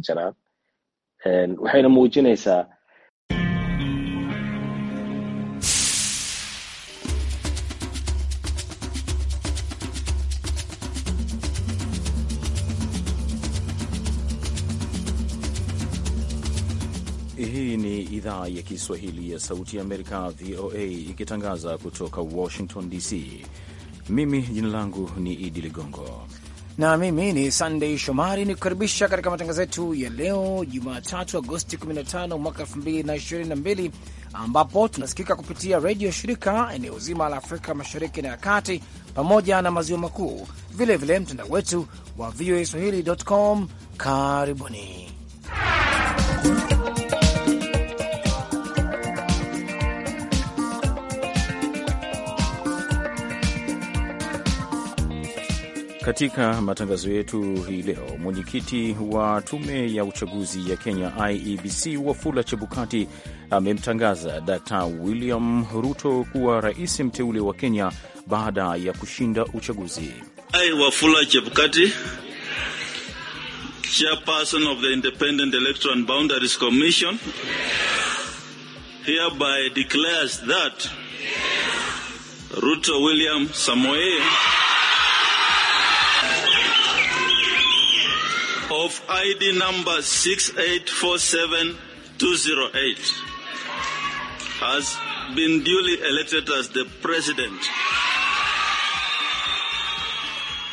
jiraan waxayna muujinaysaa Hii ni idhaa ya Kiswahili ya Sauti ya Amerika, VOA, ikitangaza kutoka Washington DC. Mimi jina langu ni Idi Ligongo na mimi ni Sandey Shomari ni kukaribisha katika matangazo yetu ya leo Jumatatu, Agosti 15 mwaka 2022, ambapo tunasikika kupitia redio shirika eneo zima la Afrika Mashariki na ya Kati pamoja na maziwa makuu, vilevile mtandao wetu wa VOA Swahili.com. Karibuni Katika matangazo yetu hii leo, mwenyekiti wa tume ya uchaguzi ya Kenya IEBC Wafula Chebukati amemtangaza Dkt William Ruto kuwa rais mteule wa Kenya baada ya kushinda uchaguzi. I, Wafula Chebukati, chairperson of the Independent Electoral and Boundaries Commission, hereby declares that Ruto William Samoei of ID number 6847208 has been duly elected as the president.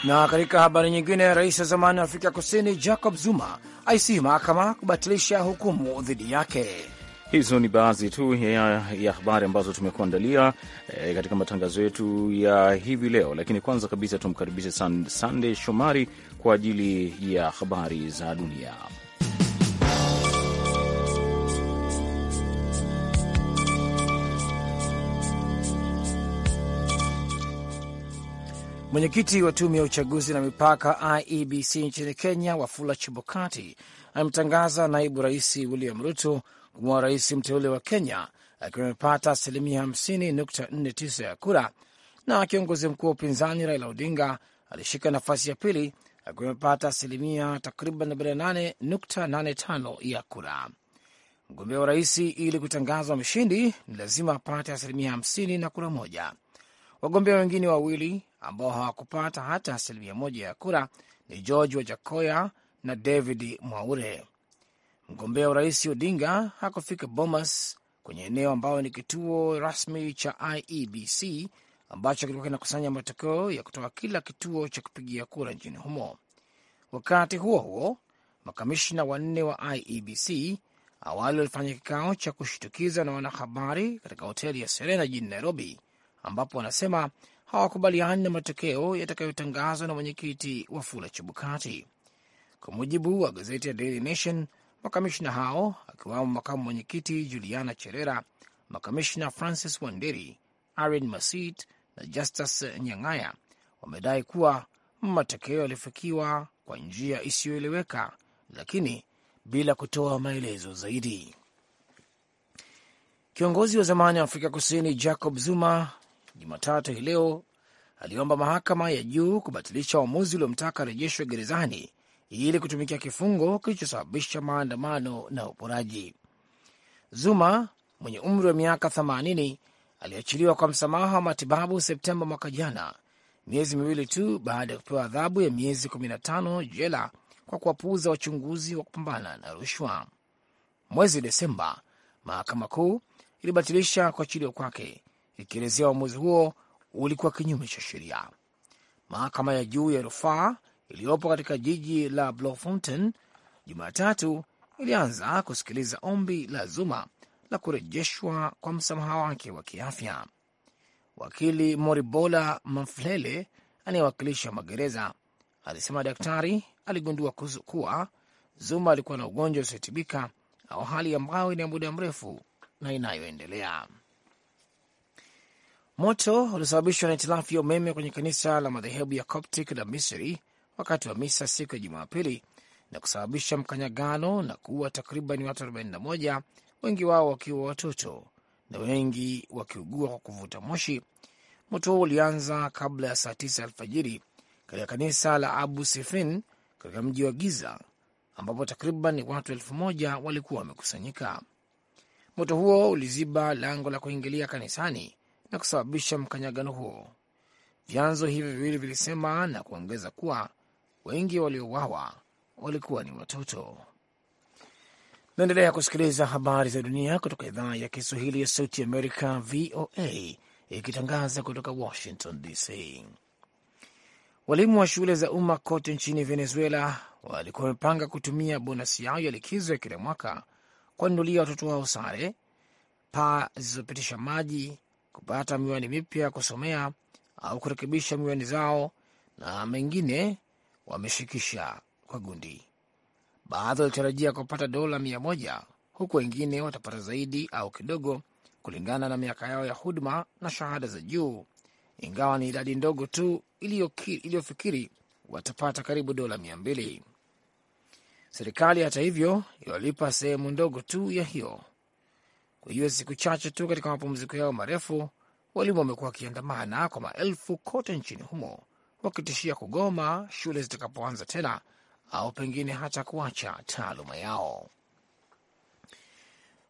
Na katika habari nyingine, rais wa zamani wa Afrika Kusini Jacob Zuma aisihi mahakama kubatilisha hukumu dhidi yake. Hizo ni baadhi tu ya, ya habari ambazo tumekuandalia e, katika matangazo yetu ya hivi leo, lakini kwanza kabisa tumkaribishe San, Sande Shomari kwa ajili ya habari za dunia. Mwenyekiti wa tume ya uchaguzi na mipaka IEBC nchini Kenya, Wafula Chebukati amemtangaza naibu rais William Ruto kumwa rais mteule wa Kenya akiwa amepata asilimia 549 ya kura, na kiongozi mkuu wa upinzani Raila Odinga alishika nafasi ya pili akiwa amepata asilimia takriban 48.85 ya kura. Mgombea wa rais ili kutangazwa mshindi ni lazima apate asilimia 50 na kura moja. Wagombea wengine wawili ambao hawakupata hata asilimia moja ya kura ni George Wajakoya na David Mwaure. Mgombea urais Odinga hakufika Bomas, kwenye eneo ambayo ni kituo rasmi cha IEBC ambacho kilikuwa kinakusanya matokeo ya kutoka kila kituo cha kupigia kura nchini humo. Wakati huo huo, makamishna wanne wa IEBC awali walifanya kikao cha kushitukiza na wanahabari katika hoteli ya Serena jijini Nairobi, ambapo wanasema hawakubaliani na matokeo yatakayotangazwa na mwenyekiti Wafula Chebukati. Kwa mujibu wa gazeti ya Daily Nation, Makamishna hao akiwamo makamu mwenyekiti Juliana Cherera, makamishna Francis Wanderi, Aaron Masit na Justus Nyang'aya wamedai kuwa matokeo yalifikiwa kwa njia isiyoeleweka, lakini bila kutoa maelezo zaidi. Kiongozi wa zamani wa Afrika Kusini Jacob Zuma Jumatatu hii leo aliomba mahakama ya juu kubatilisha uamuzi uliomtaka arejeshwe gerezani ili kutumikia kifungo kilichosababisha maandamano na uporaji. Zuma mwenye umri wa miaka 80 aliachiliwa kwa msamaha wa matibabu Septemba mwaka jana, miezi miwili tu baada ya kupewa adhabu ya miezi 15 jela kwa kuwapuuza wachunguzi wa kupambana na rushwa. Mwezi Desemba, mahakama kuu ilibatilisha kuachiliwa kwake, ikielezea uamuzi huo ulikuwa kinyume cha sheria. Mahakama ya juu ya rufaa iliyopo katika jiji la Bloemfontein Jumatatu ilianza kusikiliza ombi la Zuma la kurejeshwa kwa msamaha wake wa kiafya. Wakili Moribola Maflele anayewakilisha magereza alisema daktari aligundua kuwa Zuma alikuwa na ugonjwa usiotibika au hali ambayo ina muda mrefu na inayoendelea. Moto uliosababishwa na hitilafu ya umeme kwenye kanisa la madhehebu ya Coptic la Misri wakati wa misa siku ya Jumapili na kusababisha mkanyagano na kuua takriban watu 41, wengi wao wakiwa watoto na wengi wakiugua kwa kuvuta moshi. Moto huo ulianza kabla ya saa tisa alfajiri katika kanisa la Abu Sifin katika mji wa Giza ambapo takriban watu elfu moja walikuwa wamekusanyika. Moto huo uliziba lango la kuingilia kanisani na kusababisha mkanyagano huo, vyanzo hivyo viwili vilisema na kuongeza kuwa Wengi waliouawa walikuwa ni watoto. Naendelea kusikiliza habari za dunia kutoka idhaa ya Kiswahili ya Sauti Amerika, VOA, ikitangaza kutoka Washington DC. Walimu wa shule za umma kote nchini Venezuela walikuwa wamepanga kutumia bonasi yao ya likizo ya kila mwaka kuwanunulia watoto wao sare, paa zilizopitisha maji, kupata miwani mipya ya kusomea au kurekebisha miwani zao na mengine wameshikisha kwa gundi. Baadhi walitarajia kupata dola mia moja huku wengine watapata zaidi au kidogo kulingana na miaka yao ya huduma na shahada za juu, ingawa ni idadi ndogo tu iliyofikiri watapata karibu dola mia mbili. Serikali hata hivyo iliwalipa sehemu ndogo tu ya hiyo. Kwa hiyo siku chache tu katika mapumziko yao marefu, walimu wamekuwa wakiandamana kwa maelfu kote nchini humo wakitishia kugoma shule zitakapoanza tena au pengine hata kuacha taaluma yao.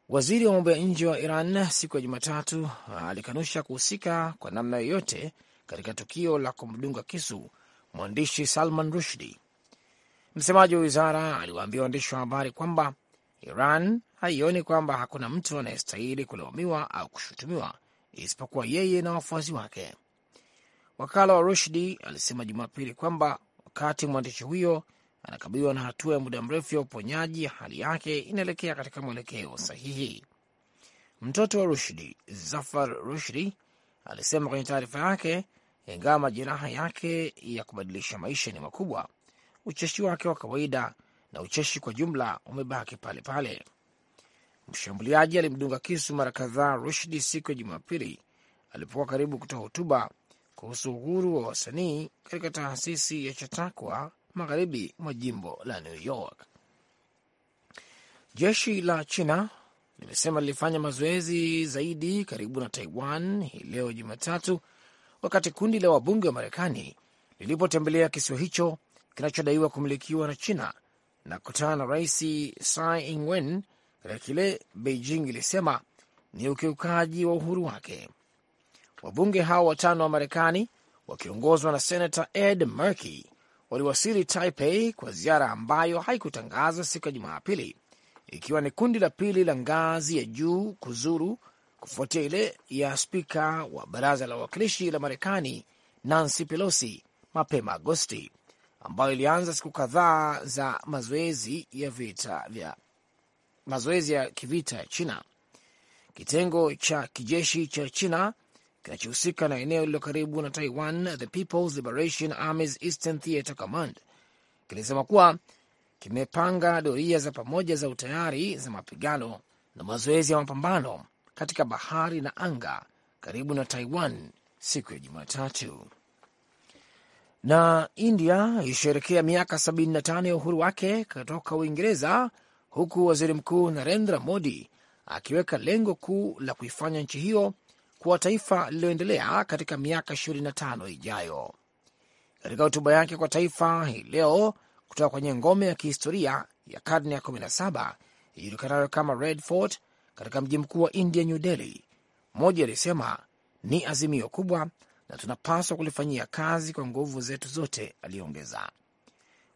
Waziri wa mambo ya nje wa Iran siku ya Jumatatu alikanusha kuhusika kwa namna yoyote katika tukio la kumdunga kisu mwandishi Salman Rushdi. Msemaji wa wizara aliwaambia waandishi wa habari kwamba Iran haioni kwamba hakuna mtu anayestahili kulaumiwa au kushutumiwa isipokuwa yeye na wafuasi wake. Wakala wa Rushdi alisema Jumapili kwamba wakati mwandishi huyo anakabiliwa na hatua ya muda mrefu ya uponyaji, hali yake inaelekea katika mwelekeo sahihi. Mtoto wa Rushdi, Zafar Rushdi, alisema kwenye taarifa yake, ingawa majeraha yake ya kubadilisha maisha ni makubwa, ucheshi wake wa kawaida na ucheshi kwa jumla umebaki pale pale. Mshambuliaji alimdunga kisu mara kadhaa Rushdi siku ya Jumapili alipokuwa karibu kutoa hotuba kuhusu uhuru wa wasanii katika taasisi ya Chautauqua magharibi mwa jimbo la New York. Jeshi la China limesema lilifanya mazoezi zaidi karibu na Taiwan hii leo Jumatatu, wakati kundi la wabunge wa Marekani lilipotembelea kisiwa hicho kinachodaiwa kumilikiwa na China na kukutana na Rais Tsai Ing-wen katika kile Beijing ilisema ni ukiukaji wa uhuru wake. Wabunge hao watano wa Marekani wakiongozwa na Senata Ed Markey waliwasili Taipei kwa ziara ambayo haikutangaza siku ya Jumapili, ikiwa ni kundi la pili la ngazi ya juu kuzuru kufuatia ile ya spika wa baraza la wawakilishi la Marekani Nancy Pelosi mapema Agosti, ambayo ilianza siku kadhaa za mazoezi ya vita vya mazoezi ya kivita ya China. Kitengo cha kijeshi cha China kinachohusika na eneo lililo karibu na Taiwan, The People's Liberation Army's Eastern Theater Command kilisema kuwa kimepanga doria za pamoja za utayari za mapigano na mazoezi ya mapambano katika bahari na anga karibu na Taiwan siku ya Jumatatu. Na India ilisherekea miaka 75 ya uhuru wake kutoka Uingereza, huku waziri mkuu Narendra Modi akiweka lengo kuu la kuifanya nchi hiyo kuwa taifa lililoendelea katika miaka 25 ijayo. Katika hotuba yake kwa taifa hii leo kutoka kwenye ngome ya kihistoria ya karne ya 17 ijulikanayo kama Red Fort katika mji mkuu wa India, New Delhi, mmoja alisema ni azimio kubwa na tunapaswa kulifanyia kazi kwa nguvu zetu zote, aliongeza.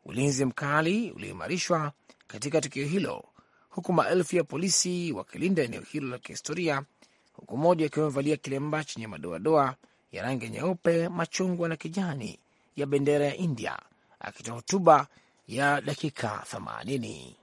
Ulinzi mkali ulioimarishwa katika tukio hilo, huku maelfu ya polisi wakilinda eneo hilo la kihistoria huku moja akiwa amevalia kilemba chenye madoadoa ya rangi nyeupe, machungwa na kijani ya bendera ya India akitoa hotuba ya dakika 80.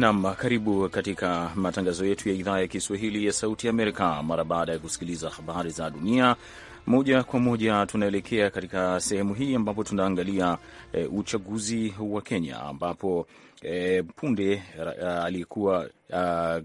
Nam, karibu katika matangazo yetu ya idhaa ya Kiswahili ya Sauti Amerika mara baada ya kusikiliza habari za dunia moja kwa moja tunaelekea katika sehemu hii ambapo tunaangalia e, uchaguzi wa Kenya ambapo e, punde eh, aliyekuwa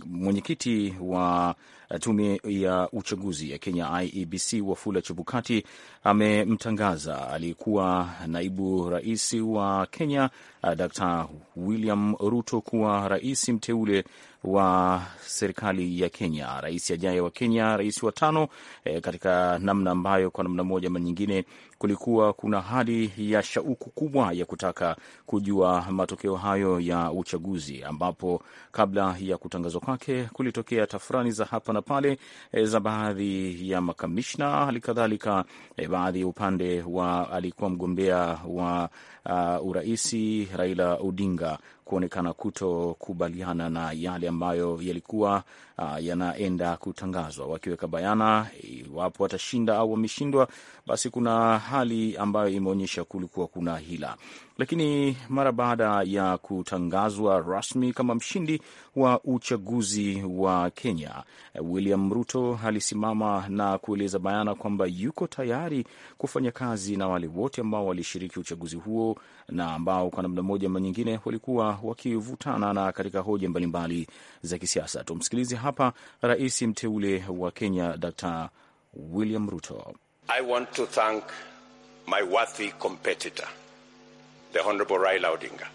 mwenyekiti wa tume ya uchaguzi ya Kenya IEBC Wafula Chebukati amemtangaza aliyekuwa naibu rais wa Kenya Dr. William Ruto kuwa rais mteule wa serikali ya Kenya, rais ajaye wa Kenya, rais wa tano e, katika namna ambayo kwa namna moja ama nyingine kulikuwa kuna hali ya shauku kubwa ya kutaka kujua matokeo hayo ya uchaguzi, ambapo kabla ya kutangazwa kwake kulitokea tafurani za hapa na pale e, za baadhi ya makamishna, hali kadhalika e, baadhi ya upande wa alikuwa mgombea wa uh, uraisi Raila Odinga kuonekana kutokubaliana na yale ambayo yalikuwa uh, yanaenda kutangazwa, wakiweka bayana iwapo watashinda au wameshindwa, basi kuna hali ambayo imeonyesha kulikuwa kuna hila, lakini mara baada ya kutangazwa rasmi kama mshindi wa uchaguzi wa Kenya, William Ruto alisimama na kueleza bayana kwamba yuko tayari kufanya kazi na wale wote ambao walishiriki uchaguzi huo na ambao kwa namna moja ama nyingine walikuwa wakivutana na katika hoja mbalimbali za kisiasa. Tumsikilize hapa rais mteule wa Kenya Dr. William Ruto. I want to thank my worthy competitor, the Honorable Raila Odinga,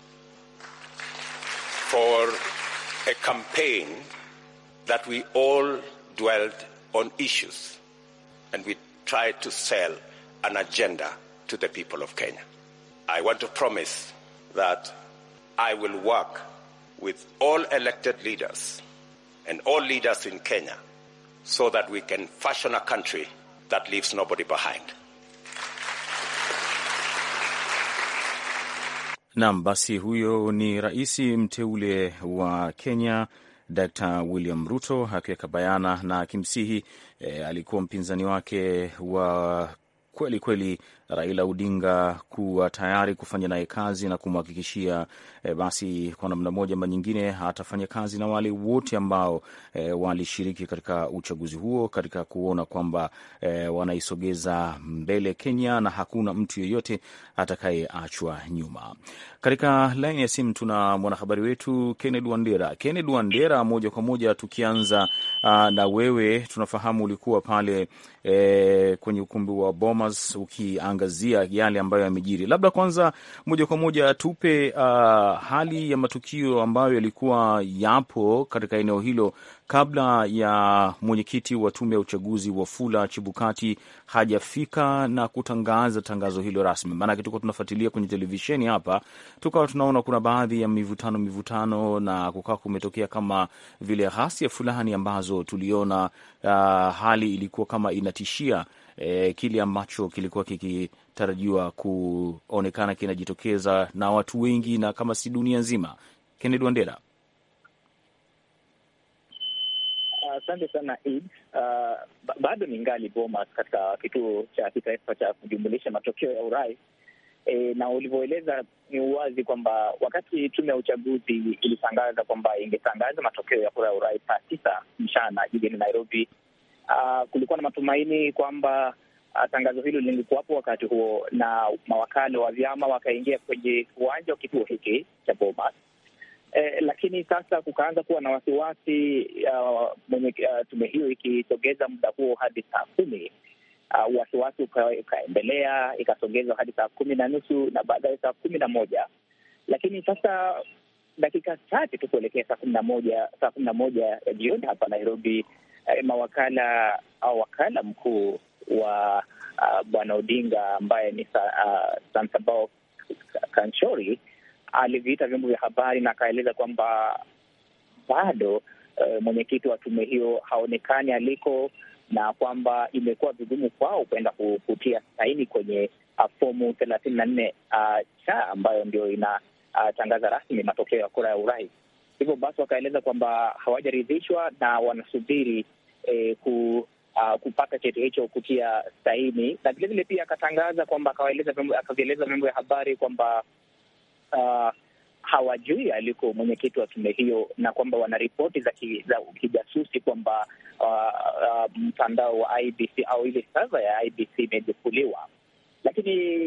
for a campaign that we all dwelt on issues and we tried to sell an agenda to the people of Kenya. I want to promise that I will work with all elected leaders and all leaders in Kenya so that we can fashion a country that leaves nobody behind. Naam, basi huyo ni rais mteule wa Kenya Dkt. William Ruto akiweka bayana na kimsihi e, eh, alikuwa mpinzani wake wa kweli kweli Raila Odinga kuwa tayari kufanya naye kazi na kumhakikishia e, basi kwa namna moja ama nyingine atafanya kazi na wale wote ambao e, walishiriki katika uchaguzi huo katika kuona kwamba e, wanaisogeza mbele Kenya na hakuna mtu yeyote atakayeachwa nyuma. Katika laini ya simu tuna mwanahabari wetu Kennedy Wandera. Kennedy Wandera, moja kwa moja tukianza a, ah, na wewe, tunafahamu ulikuwa pale e, kwenye ukumbi wa Bomas ukianga kuangazia yale ambayo yamejiri. Labda kwanza moja kwa moja tupe uh, hali ya matukio ambayo yalikuwa yapo katika eneo hilo kabla ya mwenyekiti wa tume ya uchaguzi Wafula Chibukati hajafika na kutangaza tangazo hilo rasmi. Maanake tukuwa tunafuatilia kwenye televisheni hapa, tukawa tunaona kuna baadhi ya mivutano mivutano, na kukawa kumetokea kama vile ghasia fulani ambazo tuliona, uh, hali ilikuwa kama inatishia e, kile ambacho kilikuwa kikitarajiwa kuonekana kinajitokeza na watu wengi na kama si dunia nzima. Kennedy Wandera. Asante uh, sana Ed. Uh, bado ni ngali boma katika kituo cha kitaifa cha kujumulisha matokeo ya urais e, na ulivyoeleza ni uwazi kwamba wakati tume ya uchaguzi ilitangaza kwamba ingetangaza matokeo ya kura ya urais saa tisa mchana jijini Nairobi, uh, kulikuwa na matumaini kwamba uh, tangazo hilo lilikuwapo wakati huo, na mawakala wa vyama wakaingia kwenye uwanja wa kituo hiki cha Bomas. Eh, lakini sasa kukaanza kuwa na wasiwasi uh, mwenye uh, tume hiyo ikisogeza muda huo hadi saa kumi. Uh, wasiwasi ukaendelea ikasogezwa hadi saa kumi na nusu na baadaye saa kumi na moja lakini sasa dakika chache tu kuelekea saa kumi na moja saa kumi na moja ya jioni hapa Nairobi, eh, mawakala au wakala mkuu wa uh, bwana Odinga ambaye ni uh, ah, Sansabao Kanchori aliviita vyombo vya habari na akaeleza kwamba bado uh, mwenyekiti wa tume hiyo haonekani aliko na kwamba imekuwa vigumu kwao kuenda kutia saini kwenye ah, fomu thelathini na nne cha ambayo ndio inatangaza uh, rasmi matokeo ya kura ya urais. Hivyo basi wakaeleza kwamba hawajaridhishwa na wanasubiri eh, ku Uh, kupata cheti hicho kutia saini, na vilevile pia akatangaza kwamba akavieleza vyombo vya habari kwamba uh, hawajui aliko mwenyekiti wa tume hiyo, na kwamba wana ripoti za kijasusi kwamba uh, uh, mtandao wa IBC au ile seva ya IBC imejukuliwa lakini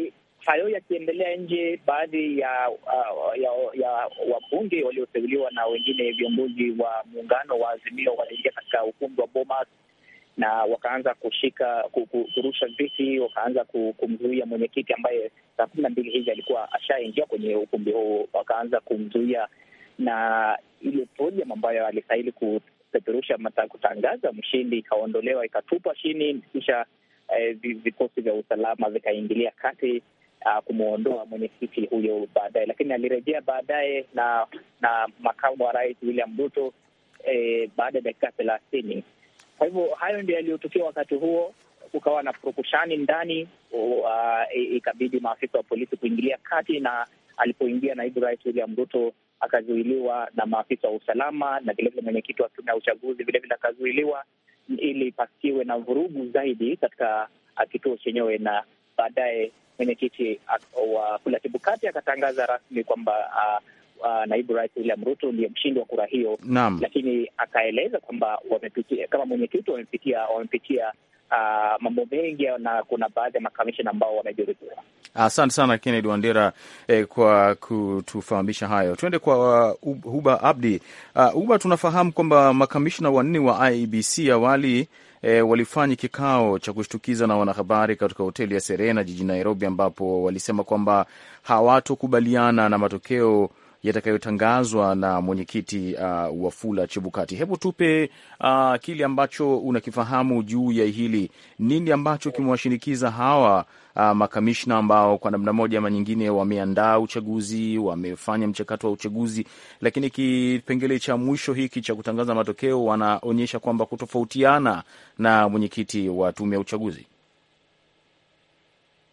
Hayo yakiendelea nje, baadhi ya ya, ya wabunge walioteuliwa na wengine viongozi wa muungano wa Azimio waliingia katika ukumbi wa Bomas na wakaanza kushika kurusha viti, wakaanza kumzuia mwenyekiti ambaye saa kumi na mbili hivi alikuwa ashaingia kwenye ukumbi huo, wakaanza kumzuia na ile podium ambayo alistahili kupeperusha kutangaza mshindi ikaondolewa, ikatupwa chini, kisha eh, vikosi vya usalama vikaingilia kati uh, kumwondoa mwenyekiti huyo baadaye, lakini alirejea baadaye na na makamu wa rais William Ruto eh, baada ya dakika thelathini. Kwa hivyo hayo ndio yaliyotukia wakati huo. Kukawa na purukushani ndani, ikabidi uh, ikabidi maafisa wa polisi kuingilia kati, na alipoingia naibu rais William Ruto akazuiliwa na maafisa wa usalama, na vilevile mwenyekiti wa tume ya uchaguzi vilevile akazuiliwa ili pasiwe na vurugu zaidi katika kituo chenyewe, na baadaye mwenyekiti wa Kula Kati akatangaza rasmi kwamba uh, Uh, naibu rais William Ruto ndiye mshindi wa kura hiyo, lakini akaeleza kwamba wamepitia kama mwenyekiti wamepitia wamepitia uh, mambo mengi na kuna baadhi ya makamishina ambao wamejeruhiwa. Asante sana Kennedy Wandera eh, kwa kutufahamisha hayo. Tuende kwa Uba Abdi. Uh, Uba, tunafahamu kwamba makamishina wanne wa IEBC awali e, walifanya kikao cha kushtukiza na wanahabari katika hoteli ya Serena jijini Nairobi, ambapo walisema kwamba hawatokubaliana na matokeo yatakayotangazwa na mwenyekiti uh, Wafula Chebukati. Hebu tupe uh, kile ambacho unakifahamu juu ya hili. Nini ambacho kimewashinikiza hawa uh, makamishna ambao kwa namna moja ama nyingine wameandaa uchaguzi, wamefanya mchakato wa uchaguzi, lakini kipengele cha mwisho hiki cha kutangaza matokeo wanaonyesha kwamba kutofautiana na mwenyekiti wa tume ya uchaguzi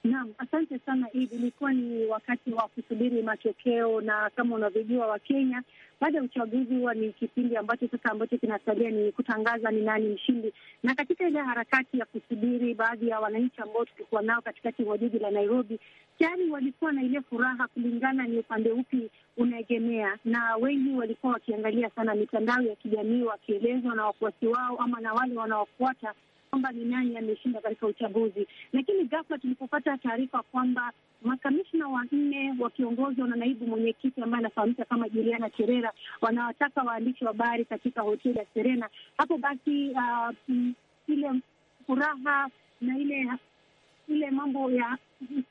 Naam, asante sana Idi. Ilikuwa ni wakati wa kusubiri matokeo, na kama unavyojua Wakenya, baada ya uchaguzi huwa ni kipindi ambacho sasa ambacho kinasalia ni kutangaza ni nani mshindi, na katika ile harakati ya kusubiri, baadhi ya wananchi ambao tulikuwa nao katikati mwa jiji la Nairobi tayari walikuwa na ile furaha, kulingana ni upande upi unaegemea, na wengi walikuwa wakiangalia sana mitandao ya kijamii wakielezwa na wafuasi wao ama na wale wanaofuata kwamba ni nani ameshinda katika uchaguzi, lakini ghafla tulipopata taarifa kwamba makamishna wanne wakiongozwa na naibu mwenyekiti ambaye anafahamika kama Juliana Cherera wanawataka waandishi wa habari katika hoteli ya Serena, hapo basi uh, mm, ile furaha na ile ile mambo ya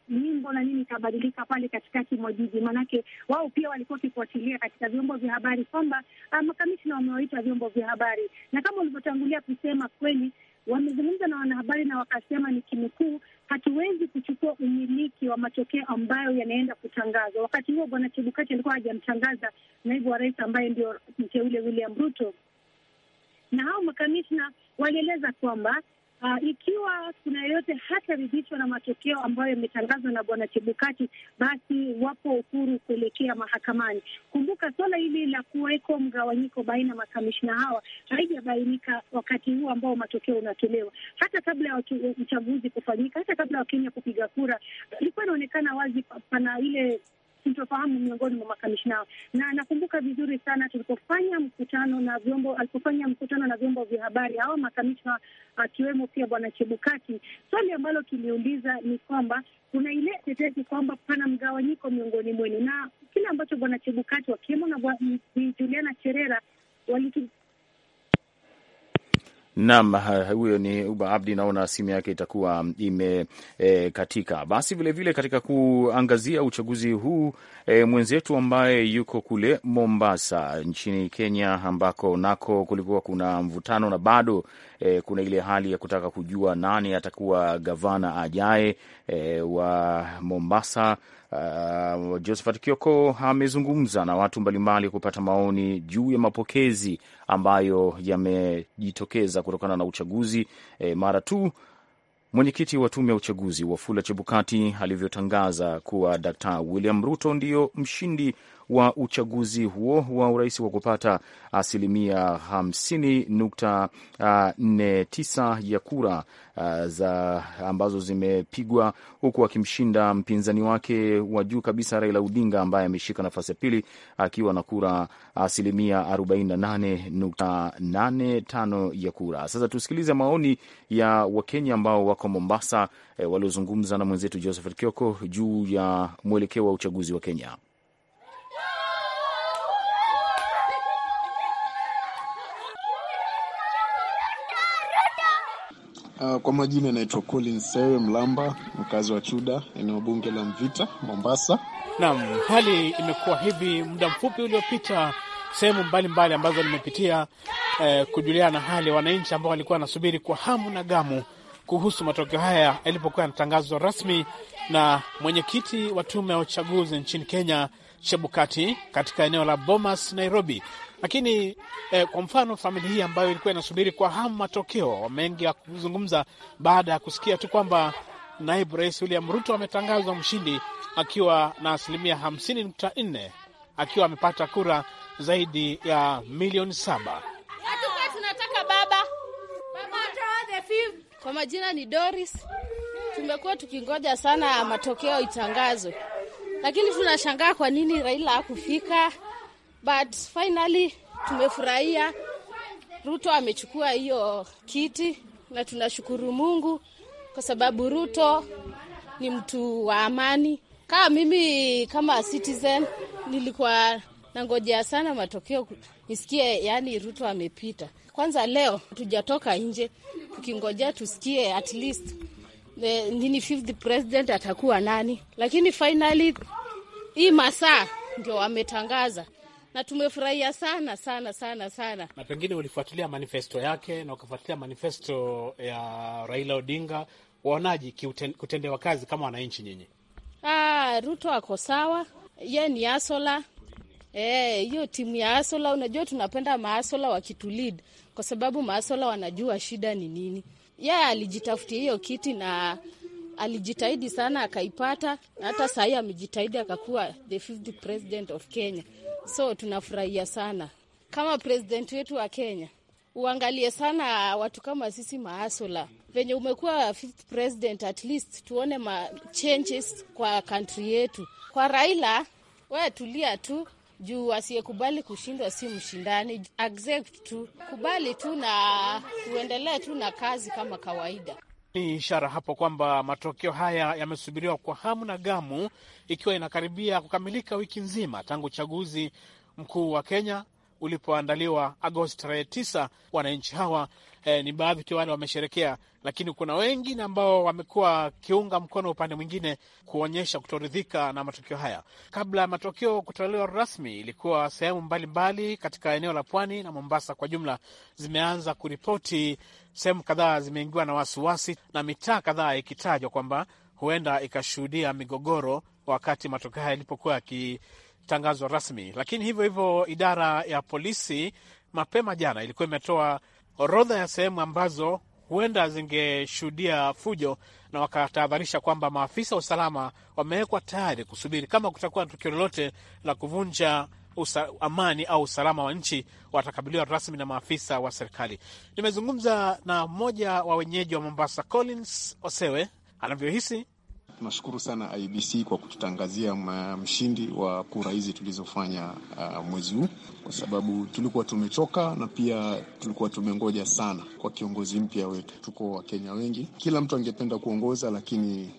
nyimbo na nini ikabadilika pale katikati mwa jiji, maanake wao pia walikuwa wakifuatilia katika vyombo vya habari kwamba uh, makamishna wamewaita vyombo vya habari, na kama ulivyotangulia kusema kweli wamezungumza na wanahabari na wakasema, ni kinukuu, hatuwezi kuchukua umiliki wa matokeo ambayo yanaenda kutangazwa. Wakati huo bwana Chebukati alikuwa hajamtangaza naibu wa rais ambaye ndio mteule William Ruto, na hao makamishna walieleza kwamba Uh, ikiwa kuna yeyote hataridhishwa na matokeo ambayo yametangazwa na bwana Chebukati, basi wapo uhuru kuelekea mahakamani. Kumbuka swala hili la kuweko mgawanyiko baina ya makamishna hawa haijabainika wakati huu ambao matokeo unatolewa. Hata kabla ya uchaguzi kufanyika, hata kabla ya Wakenya kupiga kura, ilikuwa inaonekana wazi pana ile sintofahamu miongoni mwa makamishna hao, na nakumbuka vizuri sana tulipofanya mkutano na vyombo, alipofanya mkutano na vyombo vya habari awa makamishna akiwemo pia bwana Chebukati, swali ambalo tuliuliza ni kwamba kuna ile tetesi kwamba pana mgawanyiko miongoni mwenu, na kile ambacho bwana Chebukati wakiwemo na Juliana Cherera Naam, huyo ni Uba Abdi. Naona simu yake itakuwa imekatika. E, basi vilevile vile katika kuangazia uchaguzi huu e, mwenzetu ambaye yuko kule Mombasa nchini Kenya, ambako nako kulikuwa kuna mvutano na bado e, kuna ile hali ya kutaka kujua nani atakuwa gavana ajaye e, wa Mombasa Uh, Josephat Kioko amezungumza na watu mbalimbali kupata maoni juu ya mapokezi ambayo yamejitokeza kutokana na uchaguzi e, mara tu mwenyekiti wa tume ya uchaguzi Wafula Chebukati alivyotangaza kuwa Dkt. William Ruto ndiyo mshindi wa uchaguzi huo wa urais wa kupata asilimia 50.49 ya kura uh, za ambazo zimepigwa huku akimshinda mpinzani wake wa juu kabisa Raila Odinga ambaye ameshika nafasi ya pili akiwa na kura asilimia 48.85 ya kura. Sasa tusikilize maoni ya Wakenya ambao wako Mombasa, eh, waliozungumza na mwenzetu joseph Kioko juu ya mwelekeo wa uchaguzi wa Kenya. Uh, kwa majina naitwa Colin Sewe Mlamba, mkazi wa Chuda, eneo bunge la Mvita, Mombasa. Naam, hali imekuwa hivi muda mfupi uliopita sehemu mbalimbali ambazo nimepitia eh, kujuliana na hali wananchi ambao walikuwa wanasubiri kwa hamu na gamu kuhusu matokeo haya yalipokuwa yanatangazwa rasmi na mwenyekiti wa tume ya uchaguzi nchini Kenya Chebukati katika eneo la Bomas, Nairobi. Lakini eh, kwa mfano familia hii ambayo ilikuwa inasubiri kwa hamu matokeo, mengi ya kuzungumza baada ya kusikia tu kwamba naibu rais William Ruto ametangazwa mshindi akiwa na asilimia 50.4 akiwa amepata kura zaidi ya milioni saba. Kwa majina ni Doris. Tumekuwa tukingoja sana matokeo itangazwe lakini tunashangaa kwa nini Raila hakufika, but finally tumefurahia Ruto amechukua hiyo kiti, na tunashukuru Mungu kwa sababu Ruto ni mtu wa amani. Kama mimi kama citizen nilikuwa nangojea sana matokeo nisikie, yani Ruto amepita. Kwanza leo tujatoka nje tukingojea tusikie at least the nini fifth president atakuwa nani, lakini finally hii masaa ndio wametangaza na tumefurahia sana sana sana sana. Na pengine ulifuatilia manifesto yake na ukafuatilia manifesto ya Raila Odinga, waonaji kutendewa kazi kama wananchi nyinyi? Ah, Ruto ako sawa, ye ni asola eh, hiyo e, timu ya asola. Unajua tunapenda maasola wakitulid kwa sababu maasola wanajua shida ni nini yeye yeah, alijitafutia hiyo kiti na alijitahidi sana akaipata, na hata sahii amejitahidi akakuwa the fifth president of Kenya, so tunafurahia sana kama president wetu wa Kenya. Uangalie sana watu kama sisi maasola, venye umekuwa fifth president, at least tuone ma changes kwa kantri yetu. Kwa Raila, we tulia tu juu asiyekubali kushindwa si mshindani. Accept tu, kubali tu na tuendelee tu na kazi kama kawaida. Ni ishara hapo kwamba matokeo haya yamesubiriwa kwa hamu na gamu, ikiwa inakaribia kukamilika wiki nzima tangu uchaguzi mkuu wa Kenya ulipoandaliwa Agosti tarehe 9. Wananchi hawa eh, ni baadhi tu wale wamesherekea, lakini kuna wengi na ambao wamekuwa wakiunga mkono upande mwingine kuonyesha kutoridhika na matokeo haya. Kabla ya matokeo kutolewa rasmi, ilikuwa sehemu mbalimbali katika eneo la pwani na Mombasa kwa jumla zimeanza kuripoti, sehemu kadhaa zimeingiwa na wasiwasi na mitaa kadhaa ikitajwa kwamba huenda ikashuhudia migogoro wakati matokeo haya yalipokuwa yakitangazwa rasmi. Lakini hivyo hivyo, idara ya polisi mapema jana ilikuwa imetoa orodha ya sehemu ambazo huenda zingeshuhudia fujo na wakatahadharisha kwamba maafisa wa usalama wamewekwa tayari kusubiri kama kutakuwa na tukio lolote la kuvunja usa, amani au usalama wa nchi, watakabiliwa rasmi na maafisa wa serikali. Nimezungumza na mmoja wa wenyeji wa Mombasa, Collins Osewe, anavyohisi Tunashukuru sana IBC kwa kututangazia mshindi wa kura hizi tulizofanya uh, mwezi huu, kwa sababu tulikuwa tumechoka na pia tulikuwa tumengoja sana kwa kiongozi mpya wetu. Tuko Wakenya wengi, kila mtu angependa kuongoza, lakini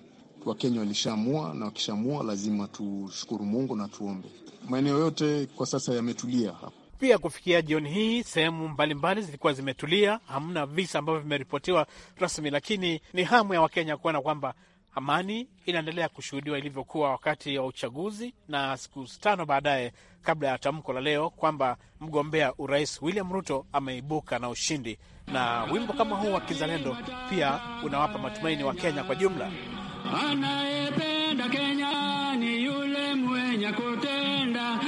Wakenya walishamua na wakishamua lazima tushukuru Mungu na tuombe. Maeneo yote kwa sasa yametulia hapa. Pia kufikia jioni hii sehemu mbalimbali zilikuwa zimetulia, hamna visa ambavyo vimeripotiwa rasmi, lakini ni hamu ya Wakenya kuona kwamba amani inaendelea kushuhudiwa ilivyokuwa wakati wa uchaguzi, na siku tano baadaye, kabla ya tamko la leo kwamba mgombea urais William Ruto ameibuka na ushindi. Na wimbo kama huu wa kizalendo pia unawapa matumaini wa Kenya kwa jumla. Anayependa Kenya ni yule mwenye kutenda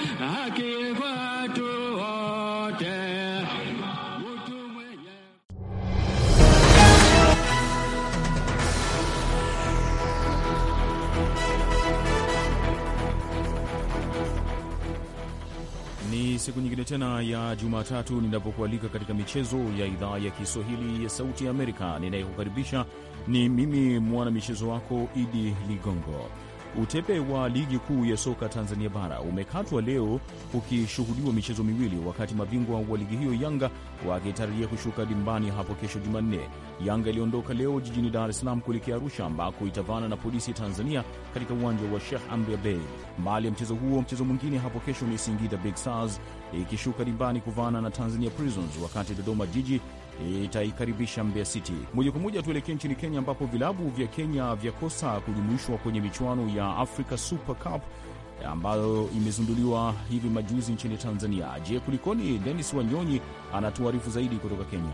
siku nyingine tena ya Jumatatu ninapokualika katika michezo ya idhaa ya Kiswahili ya Sauti ya Amerika. Ninayekukaribisha ni mimi mwana michezo wako Idi Ligongo. Utepe wa ligi kuu ya soka Tanzania bara umekatwa leo ukishuhudiwa michezo miwili, wakati mabingwa wa ligi hiyo Yanga wakitarajia kushuka dimbani hapo kesho Jumanne. Yanga iliondoka leo jijini Dar es Salaam kuelekea Arusha ambako itavana na Polisi ya Tanzania katika uwanja wa Sheikh Amri Abeid. Mbali ya mchezo huo, mchezo mwingine hapo kesho ni Singida Big Stars ikishuka dimbani kuvana na Tanzania Prisons, wakati Dodoma Jiji itaikaribisha Mbeya City. Moja kwa moja tuelekee nchini Kenya, ambapo vilabu vya Kenya vyakosa kujumuishwa kwenye michuano ya Africa Super Cup ambayo imezinduliwa hivi majuzi nchini Tanzania. Je, kulikoni? Dennis Wanyonyi anatuarifu zaidi kutoka Kenya.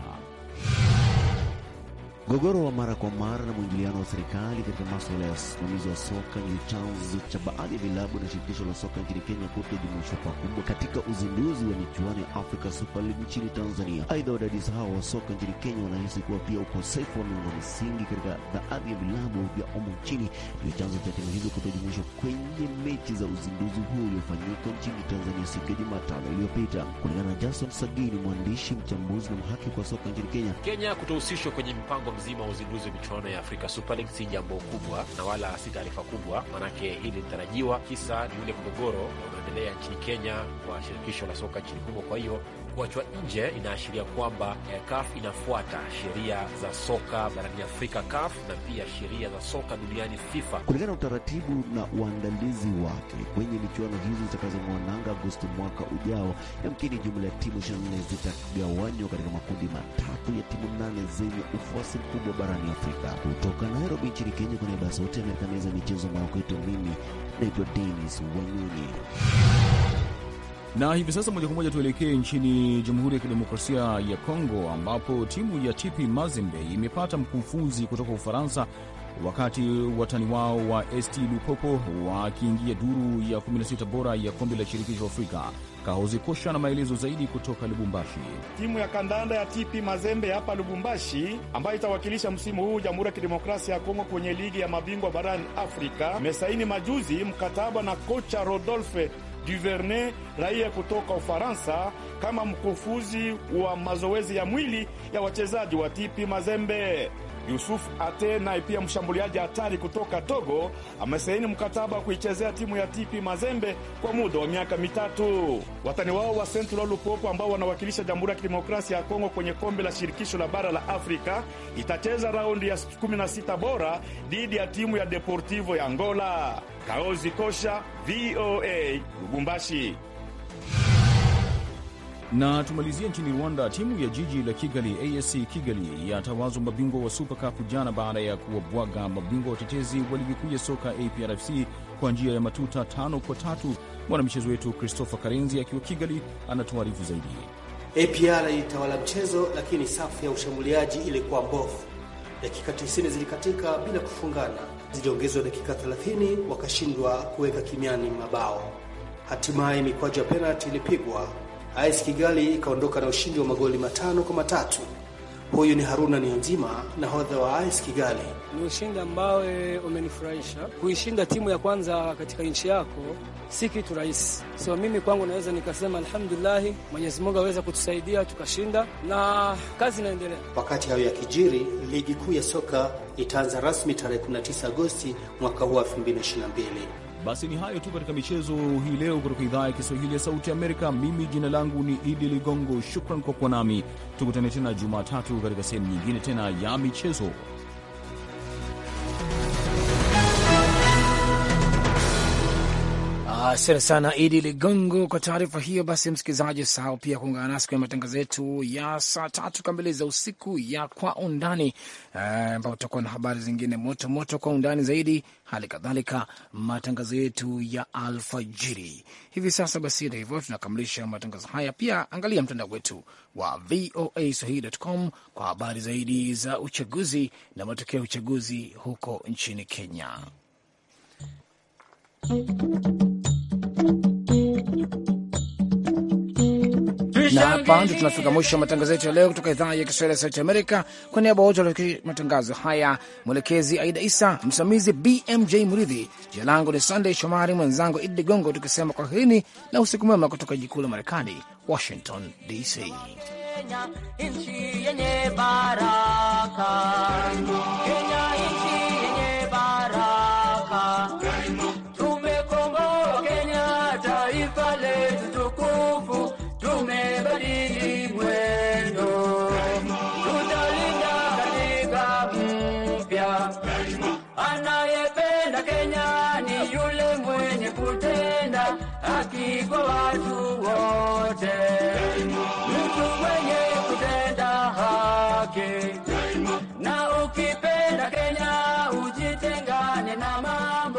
Mgogoro wa mara kwa mara na mwingiliano wa serikali katika masuala ya usimamizi wa soka ni chanzo cha baadhi ya vilabu na shirikisho la soka nchini Kenya kutojumuishwa pakubwa katika uzinduzi wa michuano ya Africa Super League nchini Tanzania. Aidha, wadadisi hao wa soka nchini Kenya wanahisi kuwa pia ukosefu wa miundo msingi katika baadhi ya vilabu vya umo nchini ndio chanzo cha timu hizo kutojumuishwa kwenye mechi za uzinduzi huo uliofanyika nchini Tanzania siku ya Jumatano iliyopita. Kulingana na Jason Sagini, mwandishi mchambuzi na mhaki kwa soka nchini Kenya, Kenya kutohusishwa kwenye mpango mchakato mzima wa uzinduzi wa michuano ya Afrika Super League si jambo kubwa na wala si taarifa kubwa, maanake hili litarajiwa. Kisa ni ule mgogoro unaoendelea nchini Kenya kwa shirikisho la soka nchini humo, kwa hiyo kuachwa nje inaashiria kwamba eh, CAF inafuata sheria za soka barani Afrika, CAF, na pia sheria za soka duniani, FIFA, kulingana na utaratibu na uandalizi wake kwenye michuano hizi zitakazomwananga Agosti mwaka ujao. Yamkini jumla ya timu nne zitagawanywa katika makundi matatu ya timu nane zenye ufuasi mkubwa barani Afrika. Kutoka Nairobi nchini Kenya, kwa niaba ya Sauti ya Amerika meza michezo, mwanakwetu, mimi naitwa Denis Wanyonyi. Na hivi sasa moja kwa moja tuelekee nchini Jamhuri ya Kidemokrasia ya Kongo, ambapo timu ya TP Mazembe imepata mkufunzi kutoka Ufaransa, wakati watani wao wa ST Lupopo wakiingia duru ya 16 bora ya kombe la shirikisho Afrika. Kahozi Kosha na maelezo zaidi kutoka Lubumbashi. Timu ya kandanda ya TP Mazembe hapa Lubumbashi, ambayo itawakilisha msimu huu Jamhuri ya Kidemokrasia ya Kongo kwenye ligi ya mabingwa barani Afrika, imesaini majuzi mkataba na kocha Rodolphe Duvernay, raia kutoka Ufaransa, kama mkufuzi wa mazoezi ya mwili ya wachezaji wa Tipi Mazembe. Yusuf Ate naye pia mshambuliaji hatari kutoka Togo amesaini mkataba wa kuichezea timu ya TP Mazembe kwa muda wa miaka mitatu. Watani wao wa Central Lupopo ambao wanawakilisha Jamhuri ya Kidemokrasia ya Kongo kwenye kombe la shirikisho la bara la Afrika itacheza raundi ya 16 bora dhidi ya timu ya Deportivo ya Angola. Kaozi Kosha, VOA, Lubumbashi. Na tumalizie nchini Rwanda, timu ya jiji la Kigali ASC Kigali yatawazwa mabingwa wa Super Cup jana baada ya kuwabwaga mabingwa watetezi wa ligi kuu ya soka APRFC kwa njia ya matuta tano kwa tatu. Mwanamchezo wetu Christopher Karenzi akiwa Kigali anatuarifu zaidi. APR ilitawala mchezo, lakini safu ya ushambuliaji ilikuwa mbovu. Dakika 90 zilikatika bila kufungana, ziliongezwa dakika 30 wakashindwa kuweka kimiani mabao. Hatimaye mikwaju ya penalti ilipigwa AS Kigali ikaondoka na ushindi wa magoli matano kwa matatu. Huyu ni Haruna na nahodha wa AS Kigali. Ni ushindi ambao e, umenifurahisha. Kuishinda timu ya kwanza katika nchi yako si kitu rahisi, so mimi kwangu naweza nikasema alhamdulillahi, Mwenyezi Mungu aweza kutusaidia tukashinda, na kazi inaendelea. Wakati hayo ya kijiri, ligi kuu ya soka itaanza rasmi tarehe 19 Agosti mwaka huu 2022. Basi ni hayo tu katika michezo hii leo kutoka idhaa ya Kiswahili ya Sauti ya Amerika. Mimi jina langu ni Idi Ligongo, shukran kwa kuwa nami. Tukutane tena Jumatatu katika sehemu nyingine tena ya michezo. Asante sana Idi Ligongo kwa taarifa hiyo. Basi msikilizaji, sahau pia kuungana nasi kwenye matangazo yetu ya saa tatu kamili za usiku ya Kwa Undani, eh, ambao tutakuwa na habari zingine moto moto kwa undani zaidi, hali kadhalika matangazo yetu ya alfajiri hivi sasa. Basi ndio hivyo, tunakamilisha matangazo haya. Pia angalia mtandao wetu wa VOA swahili.com kwa habari zaidi za uchaguzi na matokeo ya uchaguzi huko nchini Kenya na hapa ndio tunafika mwisho wa matangazo yetu ya leo kutoka idhaa ya Kiswahili ya Sauti Amerika. Kwa niaba wote waliofikiri matangazo haya, mwelekezi Aida Isa, msimamizi BMJ Muridhi, jina langu ni Sunday Shomari, mwenzangu Idi Ligongo, tukisema kwaherini na usiku mwema kutoka jikuu la Marekani, Washington DC. Kenya,